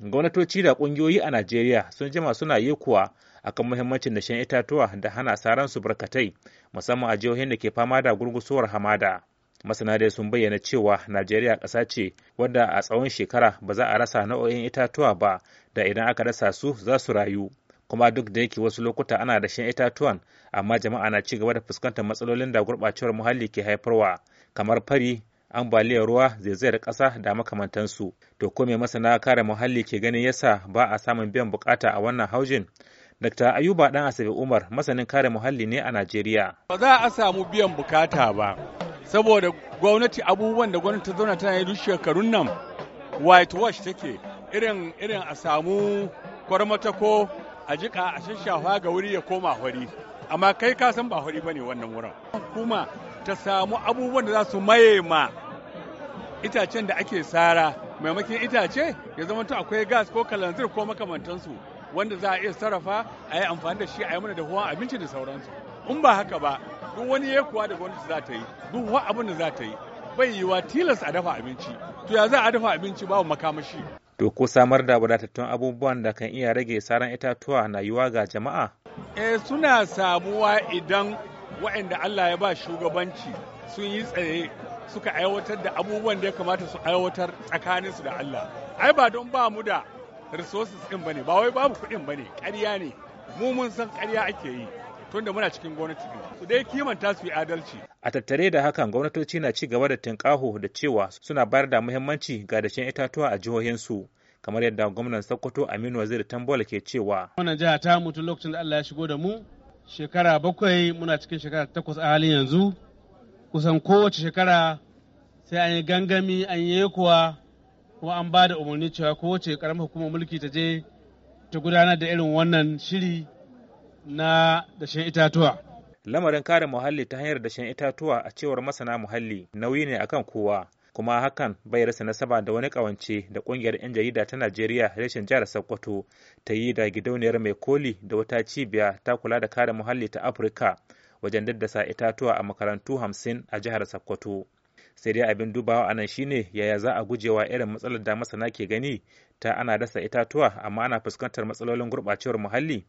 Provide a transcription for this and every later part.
gwamnatoci da ƙungiyoyi a najeriya sun jima suna yi kuwa akan muhimmancin dashen itatuwa da hana saran su barkatai musamman a jihohin da ke fama da gurgusuwar hamada masana dai sun bayyana cewa najeriya ƙasa ce wadda a tsawon shekara ba za a rasa nau'o'in itatuwa ba da idan aka rasa su za su rayu kuma duk da yake wasu lokuta ana dashen itatuwan amma jama'a na ci gaba da fuskantar matsalolin da gurɓacewar muhalli ke haifarwa kamar fari ambaliyar ruwa zaizayar ƙasa da makamantansu to ko mai masana kare muhalli ke ganin yasa ba a samun biyan bukata a wannan haujin Dr. Ayuba Dan Asabe Umar masanin kare muhalli ne a Najeriya. Ba za a samu biyan bukata ba, saboda gwamnati abubuwan da gwamnati ta zauna tana yi duk shekarun nan white wash take irin irin a samu kwarmata ko a jika a shashafa ga wuri ya koma hori. Amma kai ka san ba hori bane wannan wurin. Kuma ta samu abubuwan da za su maye ma itacen da ake sara maimakon itace ya zama to akwai gas ko kalanzir ko makamantansu wanda za a iya sarrafa a yi amfani da shi a yi mana da huwan abinci da sauransu in ba haka ba duk wani ya kuwa da gwamnati za ta yi duk huwan abin da za ta yi bai yiwa tilas a dafa abinci to ya za a dafa abinci babu makamashi to ko samar da wadatattun abubuwan da kan iya rage saran itatuwa na yiwa ga jama'a eh suna sabuwa idan waɗanda Allah ya ba shugabanci sun yi tsaye suka aiwatar da abubuwan da ya kamata su aiwatar tsakaninsu da Allah. Ai ba don ba mu da resources ɗin bane ba wai babu kuɗin bane ƙarya ne mu mun san ƙarya ake yi tunda muna cikin gwamnati ne su dai kimanta su yi adalci. A tattare da hakan gwamnatoci na ci gaba da tinƙaho da cewa suna bayar da muhimmanci ga dashen itatuwa a jihohin su, kamar yadda gwamnan Sokoto Aminu Waziri Tambola ke cewa. Wannan jiha ta mutu lokacin da Allah ya shigo da mu shekara bakwai muna cikin shekara takwas a halin yanzu kusan kowace shekara sai an yi gangami an yi kuwa kuma an ba da umarni cewa kowace karamar hukumar mulki ta je ta gudanar da irin wannan shiri na dashen itatuwa. Lamarin kare muhalli ta hanyar dashen itatuwa a cewar masana muhalli nauyi ne akan kowa. kuma hakan bai rasa nasaba da wani kawance da kungiyar 'yan jarida ta najeriya reshen jihar sokoto ta yi da gidauniyar mai koli da wata cibiya ta kula da kare muhalli ta afirka wajen daddasa itatuwa a makarantu hamsin a jihar sokoto sai dai abin dubawa anan shine yaya za a gujewa irin matsalar da masana ke gani ta ana dasa itatuwa amma ana fuskantar matsalolin gurɓacewar muhalli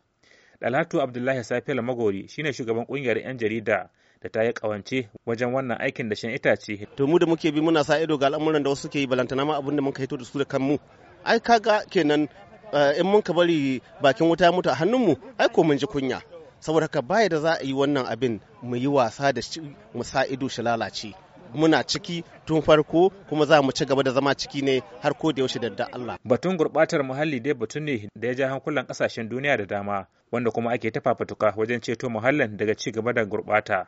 dalhatu abdullahi safiyar magori shine shugaban kungiyar 'yan jarida da ta yi kawance wajen wannan aikin da shan itace to mu da muke bi muna sa ido ga al'amuran da wasu suke yi balantana ma abin da muka hito da su da kanmu ai kaga kenan eh, in mun ka bari bakin wuta ya mutu a hannunmu ai ko mun ji kunya saboda haka baya da za a yi wannan abin mu yi wasa da shi mu sa ido shi lalace muna ciki tun farko kuma za mu ci gaba da zama ciki ne har ko da yaushe da da Allah. Batun gurbatar muhalli dai batun ne da ya ja hankulan kasashen duniya da dama wanda kuma ake ta fafutuka wajen ceto muhallin daga ci gaba da gurbata.